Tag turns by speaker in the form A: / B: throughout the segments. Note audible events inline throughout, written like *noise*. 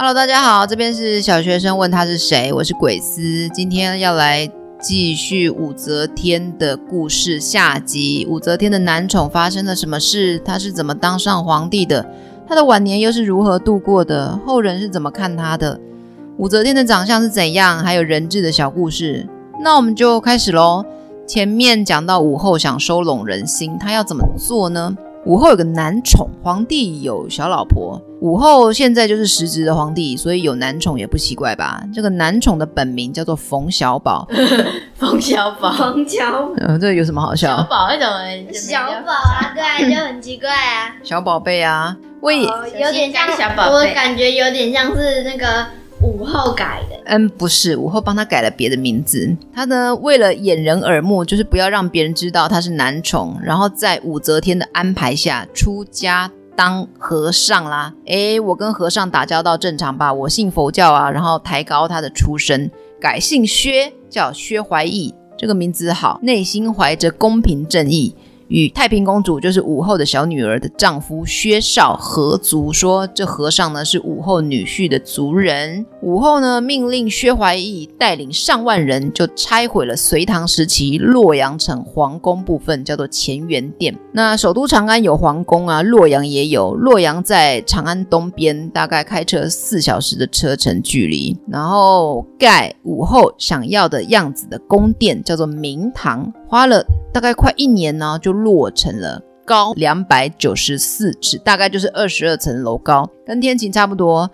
A: Hello，大家好，這邊是小學生問他是誰，我是鬼絲，今天要來繼續武則天的故事下集。武則天的男寵發生了什麼事？他是怎麼當上皇帝的？他的晚年又是如何度過的？後人是怎麼看他的？武則天的長相是怎樣？還有人質的小故事。那我們就開始嘍。前面講到武後想收攏人心，他要怎麼做呢？武後有個男寵，皇帝有小老婆。武後現在就是實質的皇帝，所以有男寵也不奇怪吧？這個男寵的本名叫做馮小寶， *laughs* 馮小寶，馮小寶，嗯，這個有什麼好笑？小寶他講，小寶啊，對，就很奇怪啊，小寶貝啊，為，有點像小，我感覺有點像是那個武後改的，嗯，不是，武後幫他改了別的名字，他呢，為了掩人耳目，就是不要讓別人知道他是男寵，然後在武則天的安排下出家。當和尚啦，哎，我跟和尚打交道正常吧？我信佛教啊，然後抬高他的出身，改姓薛，叫薛懷義，這個名字好，內心懷着公平正義。與太平公主，就是武後的小女兒的丈夫薛紹合族說，這和尚呢是武後女婿的族人。武後呢命令薛懷義帶領上萬人，就拆毀了隋唐時期洛陽城皇宮部分，叫做乾元殿。那首都長安有皇宮啊，洛陽也有。洛陽在長安東邊，大概開車四小時的車程距離。然後蓋武後想要的樣子的宮殿，叫做明堂。花了大概快一年呢、啊，就落成了，高兩百九十四尺，大概就是二十二層樓高，跟天晴差不多，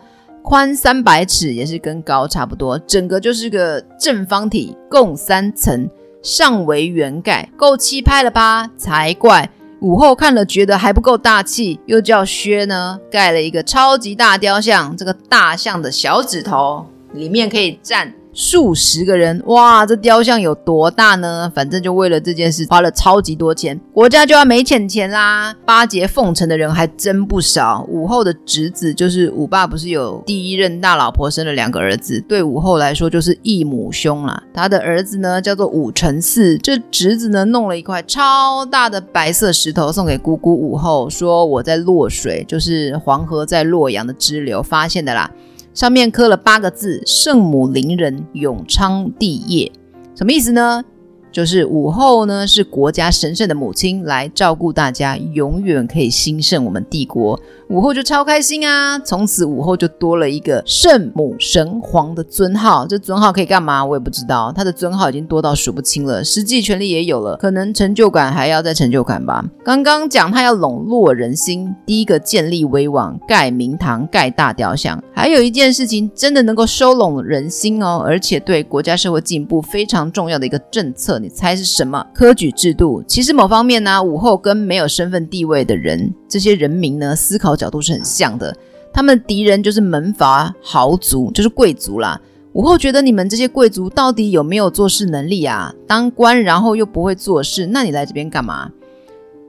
A: 寬三百尺，也是跟高差不多，整個就是個正方體，共三層，上為圓蓋，夠氣派了吧？才怪！武後看了覺得還不夠大氣，又叫薛呢，蓋了一個超級大雕像，這個大象的小指頭裡面可以站數十個人，哇，這雕像有多大呢？反正就為了這件事花了超級多錢，國家就要沒錢錢啦。巴結奉承的人還真不少。武後的侄子就是武爸，不是有第一任大老婆生了兩個兒子，對武後來說就是異母兄了。他的兒子呢叫做，武承嗣，這侄子呢弄了一塊超大的白色石頭送給姑姑武後，說，我在洛水，就是黃河在洛陽的支流發現的啦。上面刻了八個字：“聖母臨人，永昌帝業”，什麼意思呢？就是武後呢是國家神聖的母親，來照顧大家，永遠可以興盛我們帝國。武後就超開心啊！從此武後就多了一個聖母神皇的尊號，這尊號可以幹嘛？我也不知道。他的尊號已經多到數不清了，實際權力也有了，可能成就感還要再成就感吧。剛剛講他要籠絡人心，第一個建立威望，蓋明堂，蓋大雕像。還有一件事情真的能夠收攏人心哦，而且對國家社會進步非常重要的一個政策，你猜是什麼？科舉制度。其實某方面呢、啊，武後跟沒有身份地位的人，這些人民呢，思考角度是很像的。他們的敵人就是門閥豪族，就是貴族啦。武後覺得你們這些貴族到底有沒有做事能力啊？當官然後又不會做事，那你來這邊幹嘛？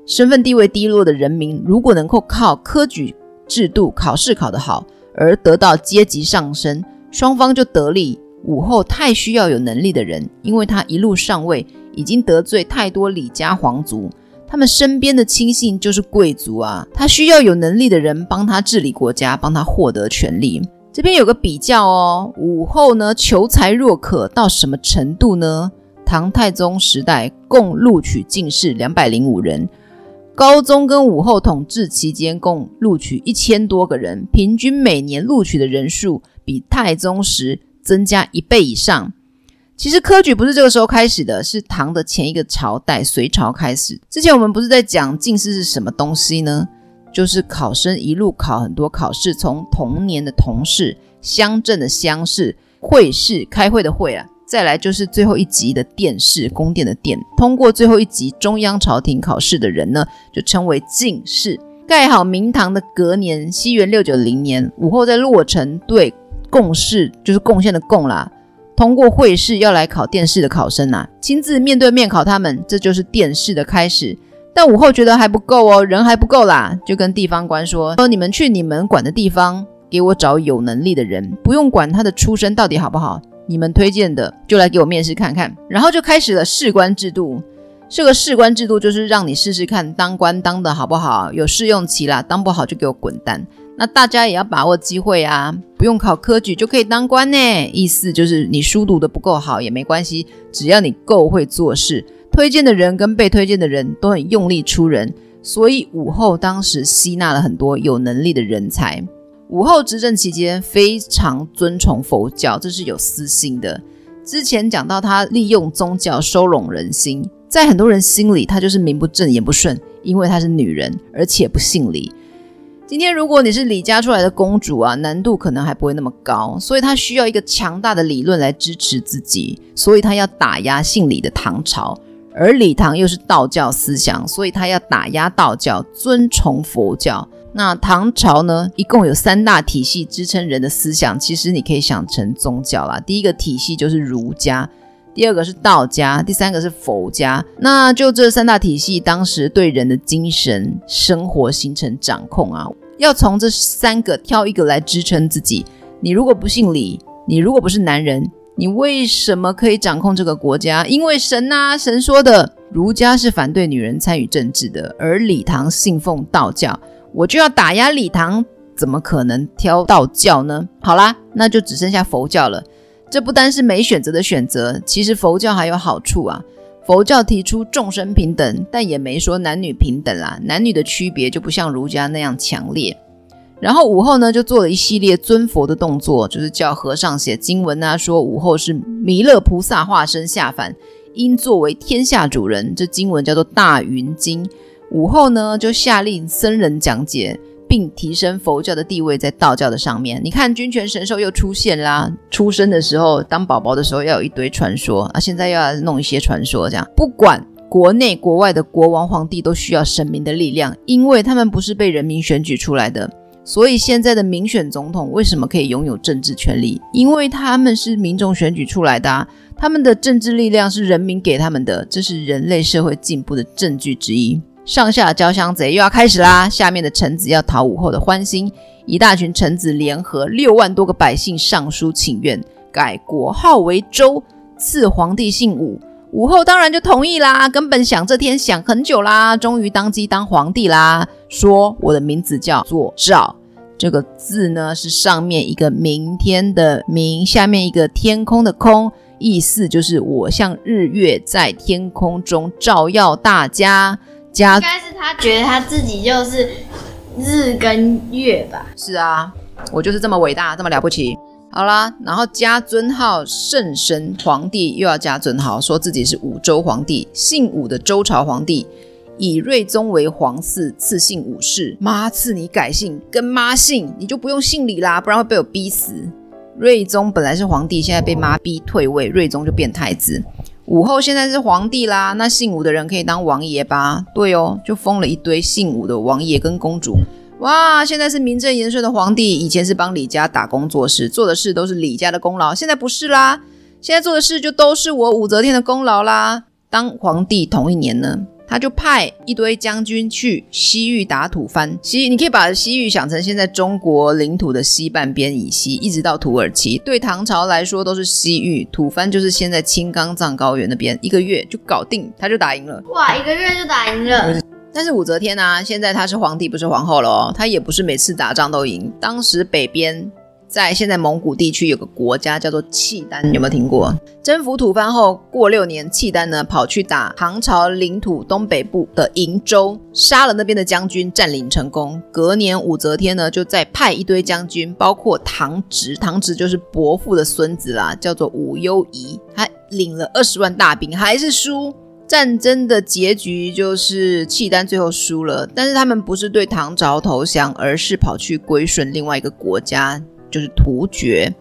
A: 身份地位低落的人民，如果能夠靠科舉制度考試考得好而得到階級上升，雙方就得利。武後太需要有能力的人，因為他一路上位已經得罪太多李家皇族。他們身邊的親信就是貴族啊，他需要有能力的人幫他治理國家，幫他獲得權力。這邊有個比較哦，武後呢求才若渴到什麼程度呢？唐太宗時代共錄取進士兩百零五人，高宗跟武後統治期間共錄取一千多個人，平均每年錄取的人數比太宗時增加一倍以上。其實科舉不是這個時候開始的，是唐的前一個朝代隋朝開始。之前我們不是在講進士是什麼東西呢？就是考生一路考很多考試，從童年的童試、鄉鎮的鄉試、會試、開會的會啊，再來就是最後一級的殿試，宮殿的殿。通過最後一級中央朝廷考試的人呢，就稱為進士。蓋好明堂的隔年，西元六九零年，武後在洛城對貢士，就是貢獻的貢啦。通過會試要來考殿試的考生啊，親自面對面考他們，這就是殿試的開始。但武後覺得還不夠哦，人還不夠啦，就跟地方官說：“說你們去你們管的地方，給我找有能力的人，不用管他的出身到底好不好，你們推薦的就來給我面試看看。”然後就開始了試官制度。這個試官制度就是讓你試試看當官當的好不好，有試用期啦，當不好就給我滾蛋。那大家也要把握機會啊，不用考科舉就可以當官呢。意思就是你書讀得不夠好也沒關係，只要你夠會做事。推薦的人跟被推薦的人都很用力出人，所以武後當時吸納了很多有能力的人才。武後執政期間非常尊崇佛教，這是有私心的。之前講到她利用宗教收攏人心，在很多人心裡她就是名不正言不順，因為她是女人，而且不姓李。今天如果你是李家出來的公主啊，難度可能還不會那麼高，所以她需要一個強大的理論來支持自己，所以她要打壓姓李的唐朝，而李唐又是道教思想，所以她要打壓道教，尊崇佛教。那唐朝呢，一共有三大體系支撐人的思想，其實你可以想成宗教啦。第一個體系就是儒家。第二個是道家，第三個是佛家，那就這三大體系當時對人的精神生活形成掌控啊，要從這三個挑一個來支撐自己。你如果不姓李，你如果不是男人，你為什麼可以掌控這個國家？因為神啊，神說的。儒家是反對女人參與政治的，而李唐信奉道教，我就要打壓李唐，怎麼可能挑道教呢？好啦，那就只剩下佛教了。這不單是沒選擇的選擇，其實佛教還有好處啊。佛教提出眾生平等，但也沒說男女平等啊。男女的區別就不像儒家那樣強烈。然後武後呢，就做了一系列尊佛的動作，就是叫和尚寫經文啊，說武後是彌勒菩薩化身下凡，應作為天下主人。這經文叫做《大雲經》，武後呢就下令僧人講解。並提升佛教的地位在道教的上面。你看，君權神授又出現啦、啊。出生的時候，當寶寶的時候，要有一堆傳說啊。現在又要弄一些傳說，這樣不管國內國外的國王皇帝都需要神明的力量，因為他們不是被人民選舉出來的。所以現在的民選總統為什麼可以擁有政治權力？因為他們是民眾選舉出來的、啊，他們的政治力量是人民給他們的。這是人類社會進步的證據之一。上下的交相賊又要開始啦！下面的臣子要討武後的歡心，一大群臣子聯合六萬多個百姓上書請願，改國號為周，賜皇帝姓武。武後當然就同意啦，根本想這天想很久啦，終於登基當皇帝啦。說我的名字叫做曌，這個字呢是上面一個明天的明，下面一個天空的空，意思就是我像日月在天空中照耀大家。應該是他覺得他自己就是日跟月吧。是啊，我就是這麼偉大，這麼了不起。好啦，然後加尊號聖神皇帝，又要加尊號，說自己是武周皇帝，姓武的周朝皇帝，以睿宗為皇嗣，賜姓武氏。媽賜你改姓，跟媽姓，你就不用姓李啦，不然會被我逼死。睿宗本來是皇帝，現在被媽逼退位，睿宗就變太子。武後現在是皇帝啦，那姓武的人可以當王爺吧？對哦，就封了一堆姓武的王爺跟公主。哇，現在是名正言順的皇帝，以前是幫李家打工做事，做的事都是李家的功勞，現在不是啦，現在做的事就都是我武則天的功勞啦。當皇帝同一年呢？他就派一堆將軍去西域打吐蕃，西你可以把西域想成現在中國領土的西半邊以西，一直到土耳其，對唐朝來說都是西域。吐蕃就是現在青藏高原那邊，一個月就搞定，他就打贏了。哇，一個月就打贏了！但是武則天呢、啊？現在她是皇帝，不是皇後了哦，她也不是每次打仗都贏。當時北邊。在現在蒙古地區有個國家叫做契丹，你有沒有聽過？征服吐蕃後，過六年，契丹呢跑去打唐朝領土東北部的營州，殺了那邊的將軍，占領成功。隔年，武則天呢就再派一堆將軍，包括堂姪，堂姪就是伯父的孫子啦，叫做武攸宜，還領了二十萬大兵，還是輸。戰爭的結局就是契丹最後輸了，但是他們不是對唐朝投降，而是跑去歸順另外一個國家。就是突厥。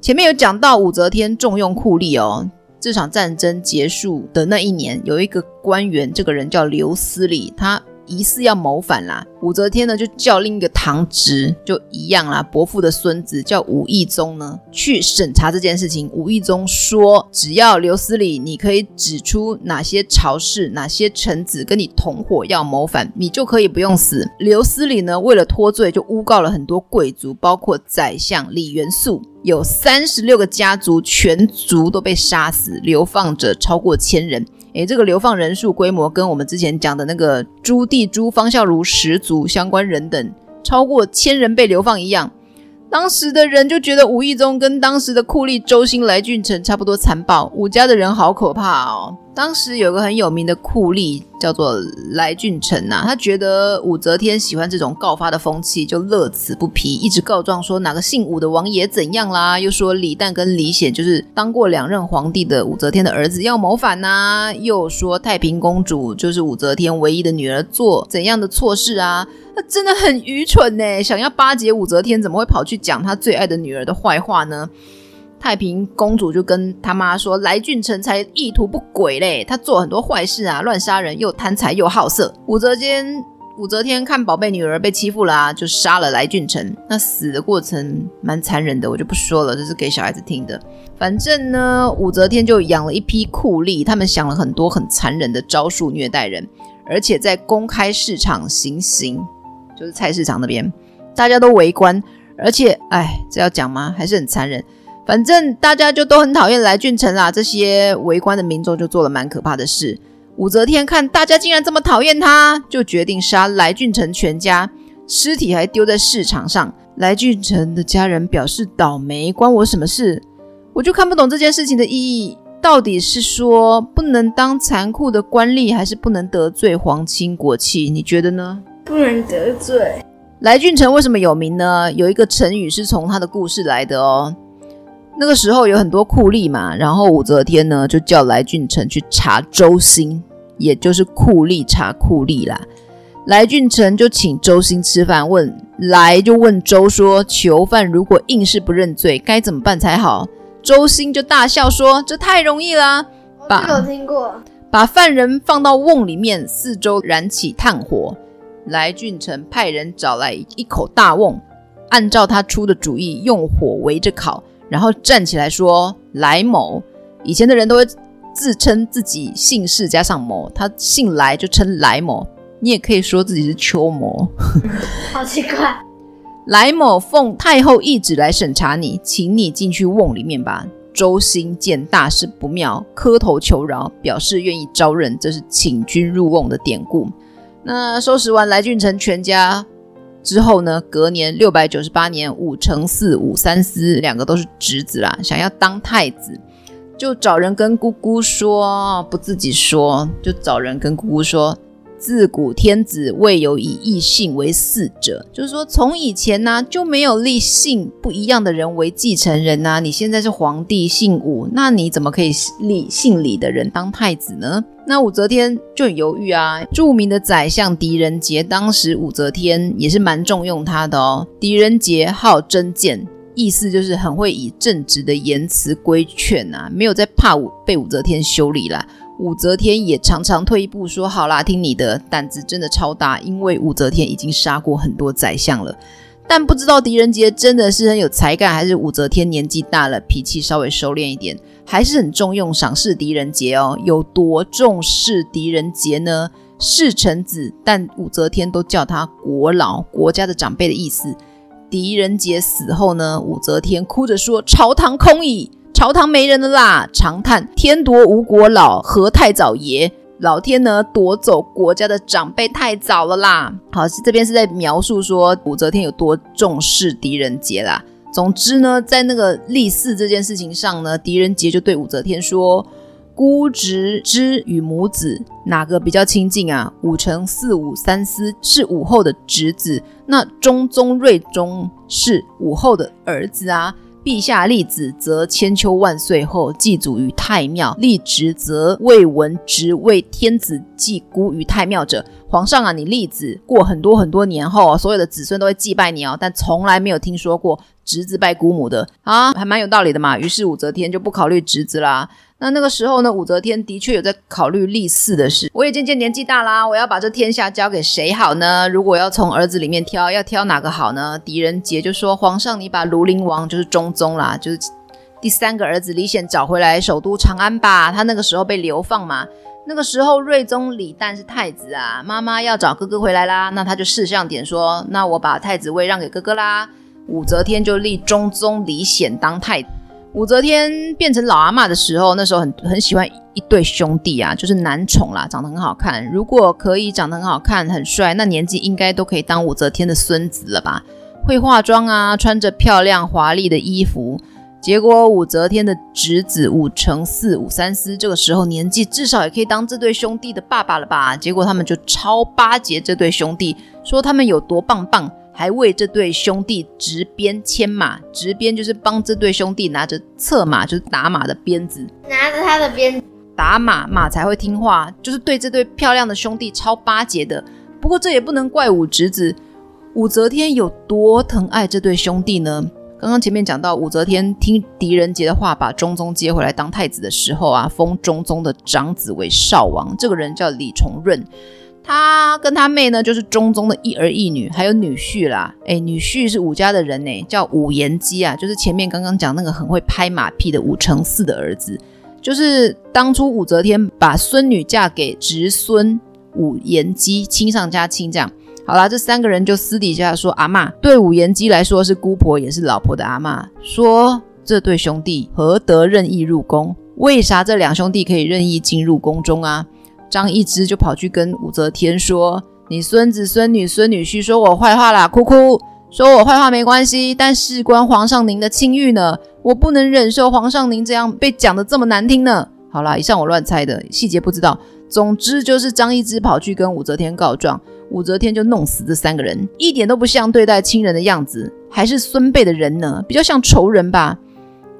A: 前面有講到武則天重用酷吏哦，這場戰爭結束的那一年，有一個官員，這個人叫劉思禮，他。疑似要謀反啦，武則天呢就叫另一個堂侄，就一樣啦，伯父的孫子叫武懿宗呢，去審查這件事情。武懿宗說，只要劉思禮，你可以指出哪些朝士、哪些臣子跟你同夥要謀反，你就可以不用死。劉思禮呢，為了脫罪，就誣告了很多貴族，包括宰相李元素，有三十六個家族全族都被殺死，流放者超過千人。誒，這個流放人數規模跟我們之前講的那個朱棣誅方孝孺十族相關人等超過千人被流放一樣，當時的人就覺得武懿宗跟當時的酷吏周興、來俊臣差不多殘暴，武家的人好可怕哦。當時有個很有名的酷吏叫做來俊臣吶、啊，他覺得武則天喜歡這種告發的風氣，就樂此不疲，一直告狀說哪個姓武的王爺怎樣啦，又說李旦跟李顯就是當過兩任皇帝的武則天的兒子要謀反吶、啊，又說太平公主就是武則天唯一的女兒做怎樣的錯事啊，他真的很愚蠢呢、欸，想要巴結武則天，怎麼會跑去講他最愛的女兒的壞話呢？太平公主就跟她媽說：“來俊臣才意圖不軌嘞，他做很多壞事啊，亂殺人，又貪財又好色。”武則天武則天看寶貝女兒被欺負了啊，就殺了來俊臣。那死的過程蠻殘忍的，我就不說了，這是給小孩子聽的。反正呢，武則天就養了一批酷吏，他們想了很多很殘忍的招數虐待人，而且在公開市場行刑，就是菜市場那邊，大家都圍觀。而且，哎，這要講嗎？還是很殘忍。反正大家就都很討厭來俊臣啦，這些圍觀的民眾就做了蠻可怕的事。武則天看大家竟然這麼討厭他，就決定殺來俊臣全家，屍體還丟在市場上。來俊臣的家人表示倒霉，關我什麼事？我就看不懂這件事情的意義，到底是說不能當殘酷的官吏，還是不能得罪皇親國戚？你覺得呢？不能得罪。來俊臣為什麼有名呢？有一個成語是從他的故事來的哦。那個時候有很多酷吏嘛，然後武則天呢就叫來俊臣去查周興，也就是酷吏查酷吏啦。來俊臣就請周興吃飯，問來就問周說：“囚犯如果硬是不認罪，該怎麼辦才好？”周興就大笑說：“這太容易啦！把……我有聽過，把犯人放到瓮裡面，四周燃起炭火。來俊臣派人找來一口大瓮，按照他出的主意，用火圍着烤。”然後站起來說：“來某，以前的人都會自稱自己姓氏加上某，他姓來就稱來某。你也可以說自己是邱某， *laughs* 好奇怪。來某奉太后懿旨來審查你，請你進去瓮裡面吧。”周興見大事不妙，磕頭求饒，表示願意招認。這是請君入瓮的典故。那收拾完，來俊臣全家。之後呢？隔年六百九十八年，武承嗣、武三思兩個都是侄子啦，想要當太子，就找人跟姑姑說，不自己說，就找人跟姑姑說。自古天子未有以異姓為嗣者，就是說從以前呢、啊、就沒有立姓不一樣的人為繼承人吶、啊。你現在是皇帝姓武，那你怎麼可以立姓李的人當太子呢？那武則天就很猶豫啊。著名的宰相狄仁傑，當時武則天也是蠻重用他的哦。狄仁杰好真諫，意思就是很會以正直的言辭規勸啊，沒有再怕武被武則天修理啦。武則天也常常退一步說：“好啦，聽你的，膽子真的超大。”因為武則天已經殺過很多宰相了，但不知道狄仁傑真的是很有才幹，還是武則天年紀大了，脾氣稍微收斂一點，還是很重用賞識狄仁杰哦。有多重視狄仁杰呢？是臣子，但武則天都叫他國老，國家的長輩的意思。狄仁傑死後呢，武則天哭着說：“朝堂空矣。”朝堂沒人了啦。長嘆，天奪吾國老，何太早耶？老天呢，奪走國家的長輩太早了啦。好，這邊是在描述說武則天有多重視狄仁傑啦。總之呢，在那個立嗣這件事情上呢，狄仁傑就對武則天說：“姑侄之與母子哪個比較親近啊？武承嗣、武三思是武後的侄子，那中宗睿宗是武後的兒子啊。”陛下立子，則千秋萬歲後祭祖於太廟；立侄，則未聞侄為天子祭姑於太廟者。皇上啊，你立子過很多很多年後，所有的子孫都會祭拜你哦，但從來沒有聽說過侄子拜姑母的啊，還蠻有道理的嘛。於是武則天就不考慮侄子啦。那那個時候呢，武則天的確有在考慮立嗣的事。我也漸漸年紀大啦，我要把這天下交給誰好呢？如果要從兒子裡面挑，要挑哪個好呢？狄仁傑就說：“皇上，你把廬陵王，就是中宗啦，就是第三個兒子李顯找回來首都長安吧。他那個時候被流放嘛。那個時候睿宗李旦是太子啊，媽媽要找哥哥回來啦。那他就識相點說：那我把太子位讓給哥哥啦。武則天就立中宗李顯當太子。”武則天變成老阿嬤的時候，那時候很很喜歡一,一對兄弟啊，就是男寵啦，長得很好看。如果可以長得很好看，很帥，那年紀應該都可以當武則天的孫子了吧？會化妝啊，穿着漂亮華麗的衣服。結果武則天的侄子武承嗣、武三思，這個時候年紀至少也可以當這對兄弟的爸爸了吧？結果他們就超巴結這對兄弟，說他們有多棒棒。還為這對兄弟執鞭牽馬，執鞭就是幫這對兄弟拿着策馬，就是打馬的鞭子，拿着他的鞭子打馬，馬才會聽話。就是對這對漂亮的兄弟超巴結的。不過這也不能怪武侄子，武則天有多疼愛這對兄弟呢？剛剛前面講到，武則天聽狄仁傑的話，把中宗接回來當太子的時候啊，封中宗的長子為少王，這個人叫李重潤。他跟他妹呢，就是中宗的一兒一女，還有女婿啦。哎，女婿是武家的人呢，叫武延基啊，就是前面剛剛講那個很會拍馬屁的武承嗣的兒子。就是當初武則天把孫女嫁給侄孫武延基，親上加親，這樣。好啦，這三個人就私底下說阿嬤，阿媽對武延基來說是姑婆，也是老婆的阿媽。說這對兄弟何得任意入宮？為啥這兩兄弟可以任意進入宮中啊？張易之就跑去跟武則天說：“你孫子、孫女、孫女婿說我壞話啦，哭哭，說我壞話沒關係，但事關皇上您的清譽呢，我不能忍受皇上您這樣被講得這麼難聽呢。”好啦，以上我亂猜的，細節不知道，總之就是張易之跑去跟武則天告狀，武則天就弄死這三個人，一點都不像對待親人的樣子，還是孫輩的人呢，比較像仇人吧？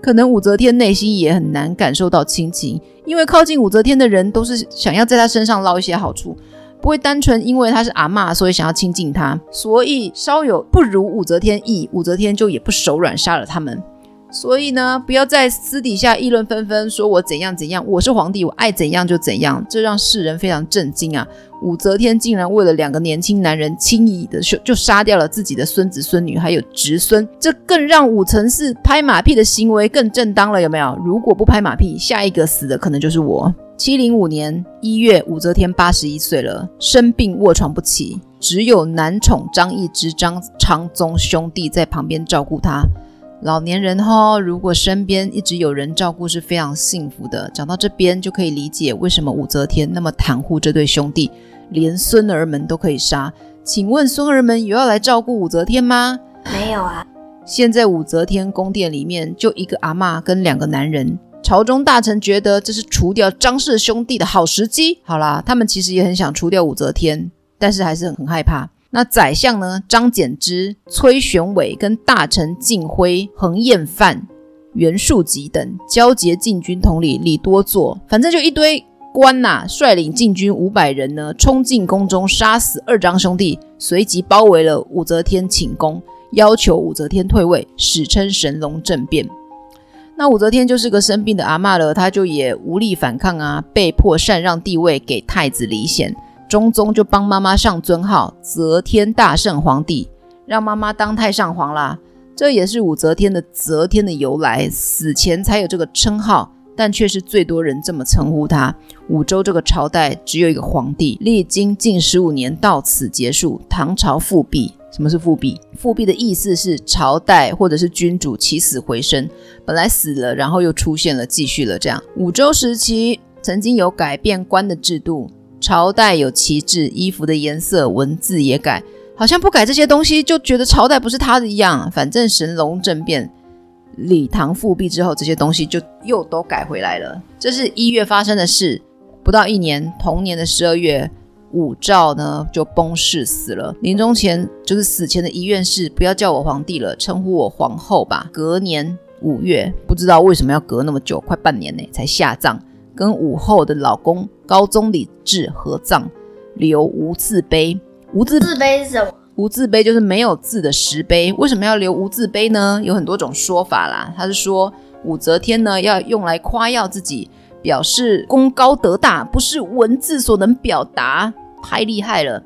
A: 可能武則天內心也很難感受到親情。因為靠近武則天的人都是想要在她身上撈一些好處，不會單純因為她是阿嬤，所以想要親近她，所以稍有不如武則天意，武則天就也不手軟殺了他們。所以呢，不要在私底下議論紛紛，說我怎樣怎樣，我是皇帝，我愛怎樣就怎樣，這讓世人非常震驚啊！武則天竟然為了兩個年輕男人輕易的就就殺掉了自己的孫子、孫女還有侄孫，這更讓武承嗣拍馬屁的行為更正當了，有沒有？如果不拍馬屁，下一個死的可能就是我。七零五年一月，武則天八十一歲了，生病臥床不起，只有男寵張易之、張昌宗兄弟在旁邊照顧他。老年人哈、哦，如果身邊一直有人照顧是非常幸福的。講到這邊就可以理解為什麼武則天那麼袒護這對兄弟，連孫兒們都可以殺。請問孫兒們有要來照顧武則天嗎？沒有啊。現在武則天宮殿裡面就一個阿嬤跟兩個男人，朝中大臣覺得這是除掉張氏兄弟的好時機。好啦，他們其實也很想除掉武則天，但是還是很害怕。那宰相呢？張柬之、崔玄偉跟大臣敬暉、桓彥範、袁恕己等交接禁軍統領李多祚，反正就一堆官吶、啊，率領禁軍五百人呢，衝進宮中，殺死二張兄弟，隨即包圍了武則天寢宮，要求武則天退位，史稱神龍政變。那武則天就是個生病的阿嬤了，她就也無力反抗啊，被迫禪讓帝位給太子李顯。中宗就幫媽媽上尊號“則天大聖皇帝”，讓媽媽當太上皇啦。這也是武則天的“則天”的由來。死前才有這個稱號，但卻是最多人這麼稱呼他。武周這個朝代只有一個皇帝，歷經近十五年，到此結束。唐朝復辟。什麼是復辟？復辟的意思是朝代或者是君主起死回生，本來死了，然後又出現了，繼續了這樣。武周時期曾經有改變官的制度。朝代有旗幟、衣服的顏色、文字也改，好像不改這些東西就覺得朝代不是他的一樣。反正神龍政變、李唐復辟之後，這些東西就又都改回來了。這是一月發生的事，不到一年，同年的十二月，武曌呢就崩逝死了。臨終前就是死前的遺願是不要叫我皇帝了，稱呼我皇后吧。隔年五月，不知道為什麼要隔那麼久，快半年呢才下葬，跟武後的老公。高宗李治合葬，留無字碑。無字碑是什麼？無字碑就是沒有字的石碑。為什麼要留無字碑呢？有很多種說法啦。他是說武則天呢，要用來誇耀自己，表示功高德大，不是文字所能表達，太厲害了。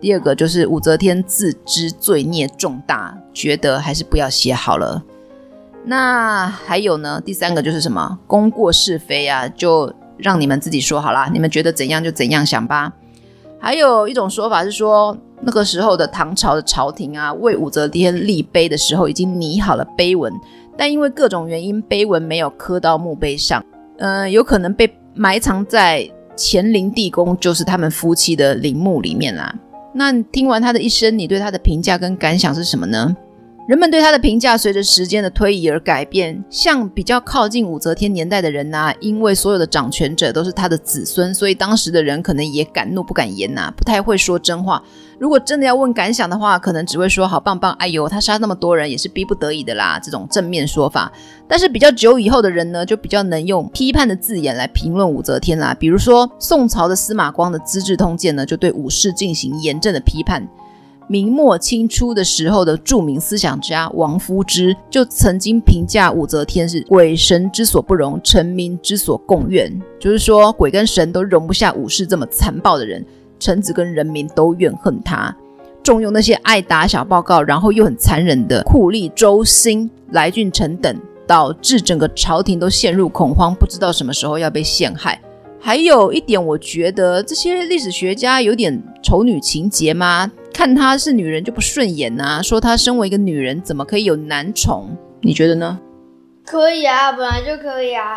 A: 第二個就是武則天自知罪孽重大，覺得還是不要寫好了。那還有呢？第三個就是什麼？功過是非啊，就。讓你們自己說好啦，你們覺得怎樣就怎樣想吧。還有一種說法是說，那個時候的唐朝的朝廷啊，為武則天立碑的時候已經擬好了碑文，但因為各種原因，碑文沒有刻到墓碑上，嗯、呃，有可能被埋藏在乾陵地宮，就是他們夫妻的陵墓裡面啦。那聽完他的一生，你對他的評價跟感想是什麼呢？人們對她的評價隨着時間的推移而改變。像比較靠近武則天年代的人呢、啊，因為所有的掌權者都是她的子孫，所以當時的人可能也敢怒不敢言吶、啊，不太會說真話。如果真的要問感想的話，可能只會說好棒棒，哎呦，她殺那麼多人也是逼不得已的啦，這種正面說法。但是比較久以後的人呢，就比較能用批判的字眼來評論武則天啦，比如說宋朝的司馬光的《資治通鑑》呢，就對武氏進行嚴正的批判。明末清初的時候的著名思想家王夫之就曾經評價武則天是鬼神之所不容，臣民之所共怨，就是說鬼跟神都容不下武氏這麼殘暴的人，臣子跟人民都怨恨他，重用那些愛打小報告然後又很殘忍的酷吏周興、來俊臣等，導致整個朝廷都陷入恐慌，不知道什麼時候要被陷害。還有一點，我覺得這些歷史學家有點仇女情結嗎？看她是女人就不順眼吶、啊？說她身為一個女人，怎麼可以有男寵？你覺得呢？可以啊，本來就可以啊。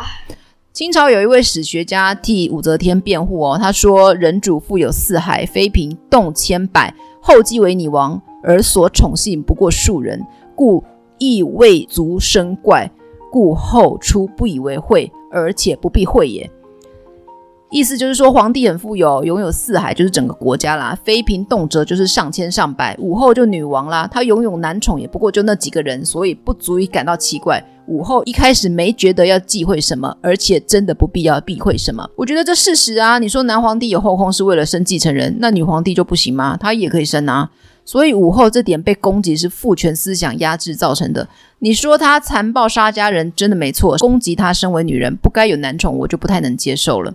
A: 清朝有一位史學家替武則天辯護哦，他說：“人主富有四海，妃嬪動千百，後繼為女王，而所寵幸不過數人，故意位足生怪，故後出不以為諱，而且不必諱也。”意思就是說，皇帝很富有，擁有四海就是整個國家啦。妃嬪動輒就是上千上百，武後就女王啦。她擁有男寵也不過就那幾個人，所以不足以感到奇怪。武後一開始沒覺得要忌諱什麼，而且真的不必要避諱什麼。我覺得這事實啊，你說男皇帝有後宮是為了生繼承人，那女皇帝就不行嗎？她也可以生啊。所以武後這點被攻擊是父權思想壓制造成的。你說她殘暴殺家人，真的沒錯。攻擊她身為女人不該有男寵，我就不太能接受了。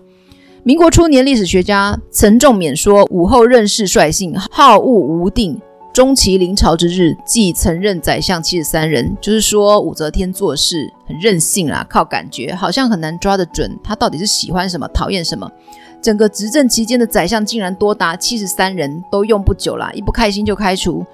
A: 民國初年，歷史學家岑仲勉說：“武後任事率性，好惡無定。終其臨朝之日，即曾任宰相七十三人。”就是說，武則天做事很任性啦，靠感覺，好像很難抓得準，她到底是喜歡什麼，討厭什麼。整個執政期間的宰相竟然多達七十三人，都用不久啦，一不開心就開除。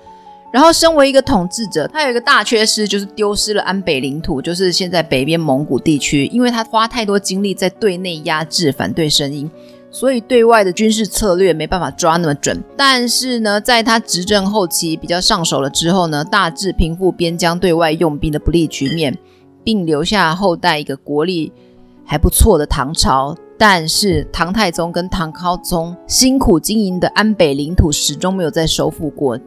A: 然後，身為一個統治者，他有一個大缺失，就是丟失了安北領土，就是現在北邊蒙古地區。因為他花太多精力在對內壓制反對聲音，所以對外的軍事策略沒辦法抓那麼準。但是呢，在他執政後期比較上手了之後呢，大致平復邊疆對外用兵的不利局面，並留下後代一個國力還不錯的唐朝。但是唐太宗跟唐高宗辛苦經營的安北領土，始終沒有再收復過。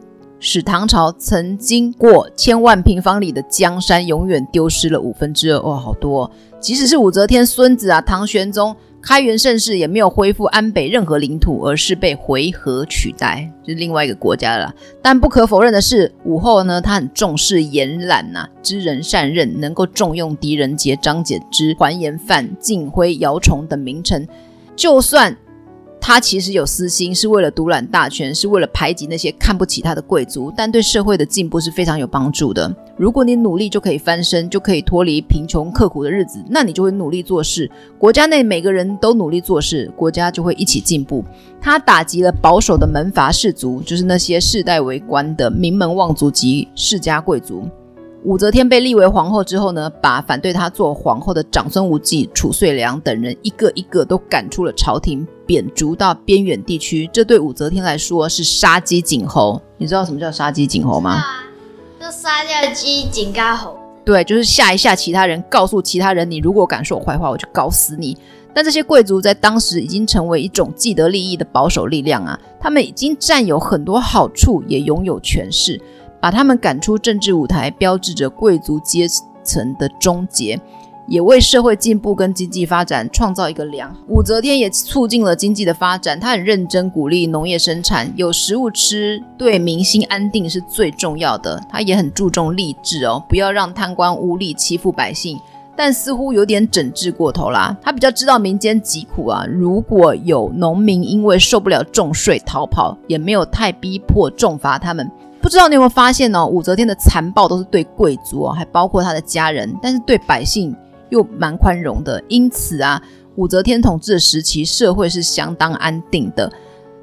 A: 使唐朝曾經過千萬平方里的江山，永遠丟失了五分之二。哦，好多哦！即使是武則天孫子啊，唐玄宗開元盛世也沒有恢復安北任何領土，而是被回紇取代，這是另外一個國家了啦。但不可否認的是，武後呢，她很重視延攬吶，知人善任，能夠重用狄仁傑、張柬之、桓彥範、敬暉、姚崇等名臣。就算。他其實有私心，是為了獨攬大權，是為了排擠那些看不起他的貴族，但對社會的進步是非常有幫助的。如果你努力就可以翻身，就可以脫離貧窮刻苦的日子，那你就會努力做事。國家內每個人都努力做事，國家就會一起進步。他打擊了保守的門閥士族，就是那些世代為官的名門望族及世家貴族。武則天被立為皇後之後呢，把反對她做皇後的長孫無忌、褚遂良等人一個一個都趕出了朝廷，貶逐到邊遠地區。這對武則天來說是殺雞儆猴。你知道什麼叫殺雞儆猴嗎？啊，就殺掉雞，警告猴。對，就是嚇一嚇其他人，告訴其他人，你如果敢說我壞話，我就搞死你。但這些貴族在當時已經成為一種既得利益的保守力量啊，他們已經占有很多好處，也擁有權勢。把他們趕出政治舞台，標誌着貴族階層的終結，也為社會進步跟經濟發展創造一個良好。武則天也促進了經濟的發展，她很認真鼓勵農業生產，有食物吃，對民心安定是最重要的。她也很注重吏治哦，不要讓貪官污吏欺負百姓，但似乎有點整治過頭啦。她比較知道民間疾苦啊，如果有農民因為受不了重稅逃跑，也沒有太逼迫重罰他們。不知道你有沒有發現呢？武則天的殘暴都是對貴族哦，還包括她的家人，但是對百姓又蠻寬容的。因此啊，武則天統治的時期，社會是相當安定的，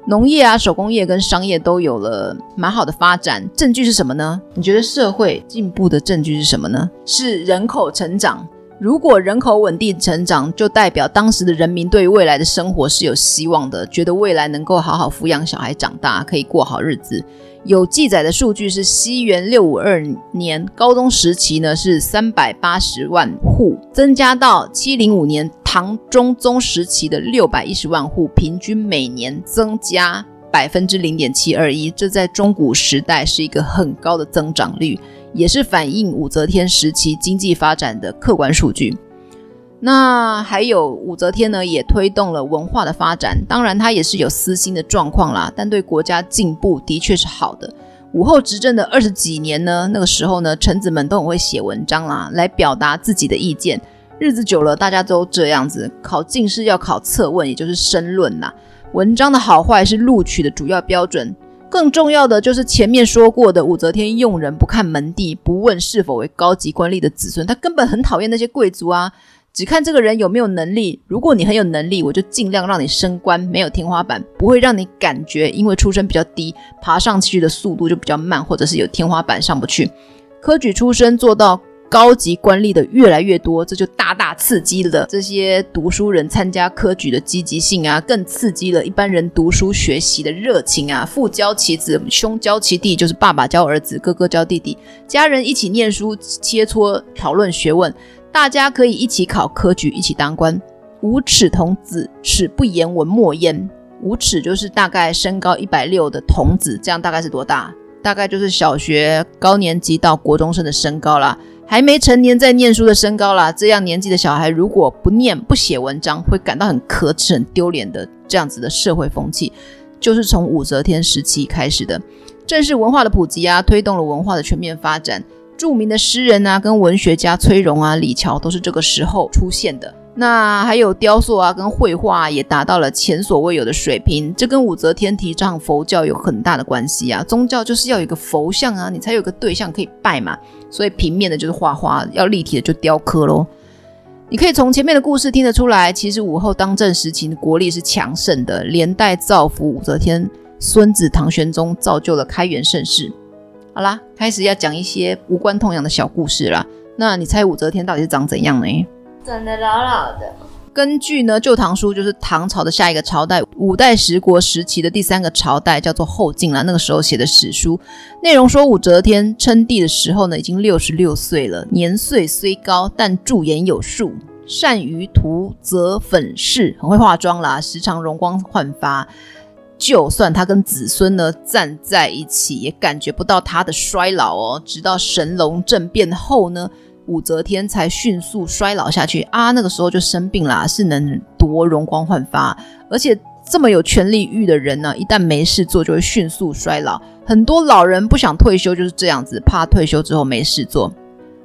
A: 農業啊、手工業跟商業都有了蠻好的發展。證據是什麼呢？你覺得社會進步的證據是什麼呢？是人口成長。如果人口穩定成長，就代表當時的人民對於未來的生活是有希望的，覺得未來能夠好好撫養小孩長大，可以過好日子。有記載的數據是，西元六五二年高宗時期呢是三百八十萬戶，增加到七零五年唐中宗時期的六百一十萬戶，平均每年增加百分之零點七二一，這在中古時代是一個很高的增長率。也是反映武則天時期經濟發展的客觀數據。那還有武則天呢，也推動了文化的發展。當然，她也是有私心的狀況啦，但對國家進步的確是好的。武後執政的二十幾年呢，那個時候呢，臣子們都很會寫文章啦，來表達自己的意見。日子久了，大家都這樣子。考進士要考策問，也就是申論啦。文章的好壞是錄取的主要標準。更重要的就是前面說過的，武則天用人不看門第，不問是否為高級官吏的子孫，他根本很討厭那些貴族啊，只看這個人有沒有能力。如果你很有能力，我就盡量讓你升官，沒有天花板，不會讓你感覺因為出身比較低，爬上去的速度就比較慢，或者是有天花板上不去。科舉出身做到。高級官吏，的越來越多，這就大大刺激了這些讀書人參加科舉的積極性啊！更刺激了一般人讀書學習的熱情啊！父教其子，兄教其弟，就是爸爸教兒子，哥哥教弟弟，家人一起念書，切磋討論學問，大家可以一起考科舉，一起當官。五尺童子，尺不言文墨焉。五尺就是大概身高一百六的童子，這樣大概是多大？大概就是小學高年級到國中生的身高啦。還沒成年在念書的身高啦。這樣年紀的小孩如果不念不寫文章，會感到很可恥、很丟臉的。這樣子的社會風氣，就是從武則天時期開始的。正是文化的普及啊，推動了文化的全面發展。著名的詩人啊，跟文學家崔融啊、李嶠都是這個時候出現的。那還有雕塑啊，跟繪畫啊，也達到了前所未有的水平。這跟武則天提倡佛教有很大的關係啊。宗教就是要有一個佛像啊，你才有個對象可以拜嘛。所以平面的就是畫畫，要立體的就雕刻嘍。你可以從前面的故事聽得出來，其實武後當政時期的國力是強盛的，連帶造福武則天孫子唐玄宗，造就了開元盛世。好啦，開始要講一些無關痛癢的小故事啦。那你猜武則天到底是長怎樣呢？長得老老的。根據呢，《舊唐書》，就是唐朝的下一個朝代，五代十國時期的第三個朝代叫做後晉了。那個時候寫的史書，內容說武則天稱帝的時候呢，已經六十六歲了，年歲雖高，但駐顏有術，善於塗澤粉飾，很會化妝啦，時常容光煥發。就算她跟子孫呢，站在一起，也感覺不到她的衰老哦。直到神龍政變後呢。武則天才迅速衰老下去啊！那個時候就生病啦，是能奪容光煥發。而且這麼有權力慾的人呢，啊，一旦沒事做，就會迅速衰老。很多老人不想退休就是這樣子，怕退休之後沒事做。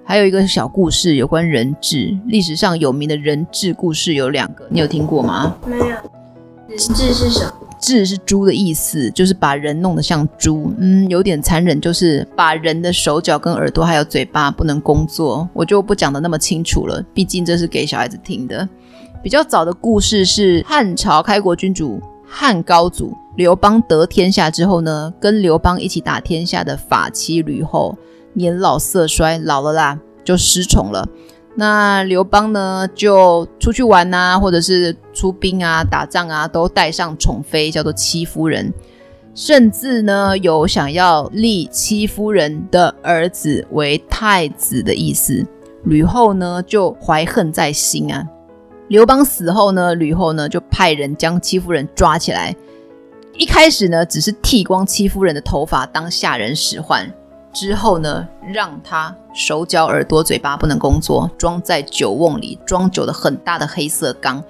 A: 還有一個小故事有關人質，歷史上有名的人質故事有兩個，你有聽過嗎？沒有，人質是什麼？彘是豬的意思，就是把人弄得像豬，嗯，有點殘忍，就是把人的手腳跟耳朵還有嘴巴不能工作，我就不講得那麼清楚了，畢竟這是給小孩子聽的。比較早的故事是漢朝開國君主漢高祖劉邦得天下之後呢，跟劉邦一起打天下的髮妻呂後，年老色衰，老了啦，就失寵了。那劉邦呢，就出去玩啊，或者是出兵啊、打仗啊，都帶上寵妃，叫做戚夫人。甚至呢，有想要立戚夫人的兒子為太子的意思。呂後呢，就懷恨在心啊。劉邦死後呢，呂後呢，就派人將戚夫人抓起來。一開始呢，只是剃光戚夫人的頭髮，當下人使喚。之後呢，讓他手腳耳朵嘴巴不能工作，裝在酒甕裡裝酒的很大的黑色缸，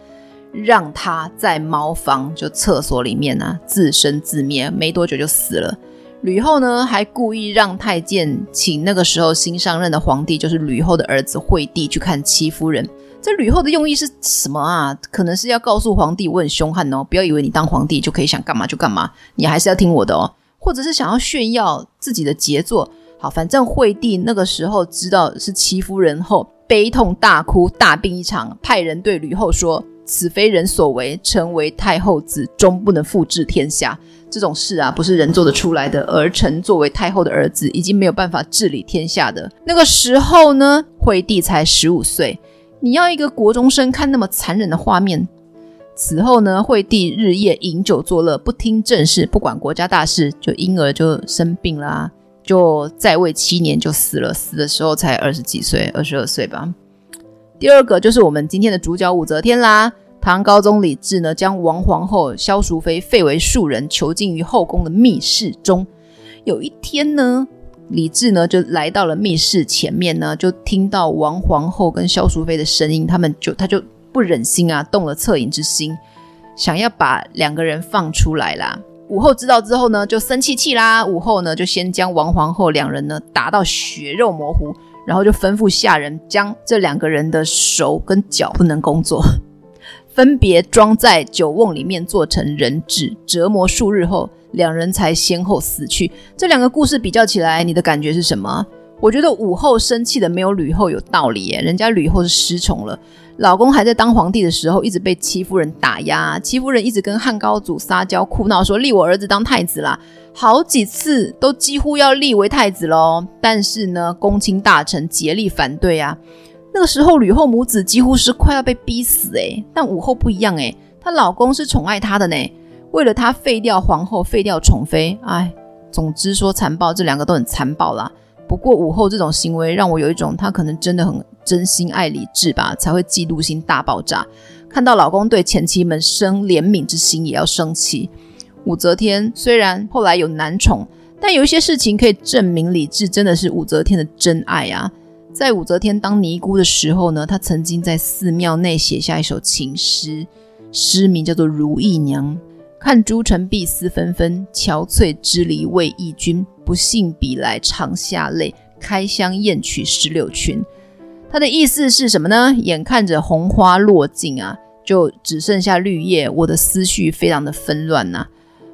A: 讓他在茅房就廁所裡面啊，自生自滅，沒多久就死了。呂後呢，還故意讓太監請那個時候新上任的皇帝，就是呂後的兒子惠帝去看戚夫人。這呂後的用意是什麼啊？可能是要告訴皇帝，我很凶悍哦，不要以為你當皇帝就可以想幹嘛就幹嘛，你還是要聽我的哦。或者是想要炫耀自己的傑作，好，反正惠帝那個時候知道是戚夫人後，悲痛大哭，大病一場，派人對呂後說：“此非人所為，臣為太后子，終不能復制天下。”這種事啊，不是人做得出來的。兒臣作為太後的兒子，已經沒有辦法治理天下的。那個時候呢，惠帝才十五歲，你要一個國中生看那麼殘忍的畫面。此後呢，惠帝日夜飲酒作樂，不聽政事，不管國家大事，就因而就生病啦啊，就在位七年就死了，死的時候才二十幾歲，二十二歲吧。第二個就是我們今天的主角武則天啦。唐高宗李治呢，將王皇後、蕭淑妃廢為庶人，囚禁於後宮的密室中。有一天呢，李治呢就來到了密室前面呢，就聽到王皇後跟蕭淑妃的聲音，他們就他就。不忍心啊，動了惻隱之心，想要把兩個人放出來啦。武後知道之後呢，就生氣氣啦。武後呢，就先將王皇后兩人呢打到血肉模糊，然後就吩咐下人將這兩個人的手跟腳不能工作，分別裝在酒甕裡面做成人彘，折磨數日後，兩人才先後死去。這兩個故事比較起來，你的感覺是什麼？我覺得武後生氣的沒有呂後有道理耶，人家呂後是失寵了，老公還在當皇帝的時候，一直被戚夫人打壓，戚夫人一直跟漢高祖撒嬌哭鬧，說立我兒子當太子啦，好幾次都幾乎要立為太子嘍。但是呢，公卿大臣竭力反對啊，那個時候呂後母子幾乎是快要被逼死哎，但武後不一樣哎，她老公是寵愛她的呢，為了她廢掉皇後，廢掉寵妃，哎，總之說殘暴，這兩個都很殘暴啦。不過武後這種行為讓我有一種，她可能真的很真心愛李治吧，才會嫉妒心大爆炸，看到老公對前妻們生憐憫之心也要生氣。武則天雖然後來有男寵，但有一些事情可以證明李治真的是武則天的真愛啊。在武則天當尼姑的時候呢，她曾經在寺廟內寫下一首情詩，詩名叫做《如意娘》。看朱成碧，思紛紛。憔悴支離為憶君，不信比來長下淚，開箱驗取石榴裙。他的意思是什麼呢？眼看着紅花落盡啊，就只剩下綠葉。我的思緒非常的紛亂吶。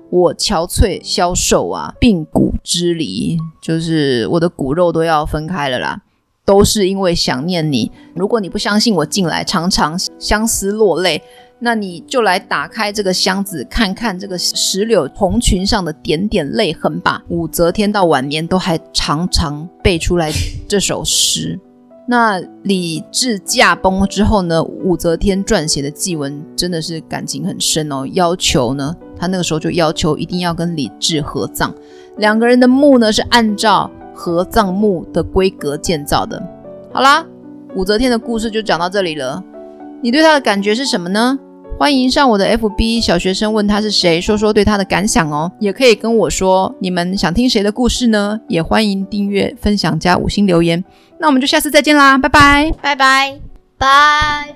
A: 我憔悴消瘦啊，病骨支離，就是我的骨肉都要分開了啦。都是因為想念你。如果你不相信我進，近來常常相思落淚。那你就來打開這個箱子，看看這個石榴紅裙上的點點淚痕吧。武則天到晚年都還常常背出來這首詩。那李治駕崩之後呢，武則天撰寫的祭文真的是感情很深哦。要求呢，她那個時候就要求一定要跟李治合葬，兩個人的墓呢是按照合葬墓的規格建造的。好啦，武則天的故事就講到這裡了。你對她的感覺是什麼呢？歡迎上我的 FB，小學生問他是誰，說說對他的感想哦，也可以跟我說你們想聽誰的故事呢？也歡迎訂閱、分享、加五星留言。那我們就下次再見啦，拜拜，拜拜，拜。